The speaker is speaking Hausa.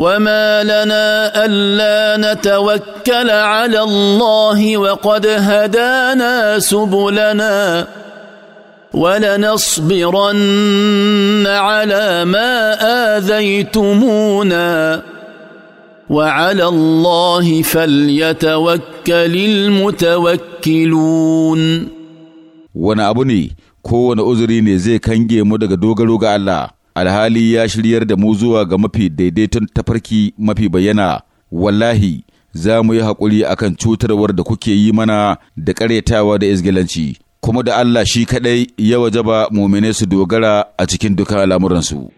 وما لنا الا نتوكل على الله وقد هدانا سبلنا ولنصبرن على ما اذيتمونا وعلى الله فليتوكل المتوكلون وانا ابني ne kowane uzuri ne zai kange mu daga alhali ya shiryar da mu zuwa ga mafi daidaiton tafarki mafi bayyana wallahi za mu yi haƙuri a kan cutarwar da kuke yi mana da ƙaryatawa da isgilanci kuma da Allah shi kaɗai ya wajaba mumine su dogara a cikin dukan al'amuransu.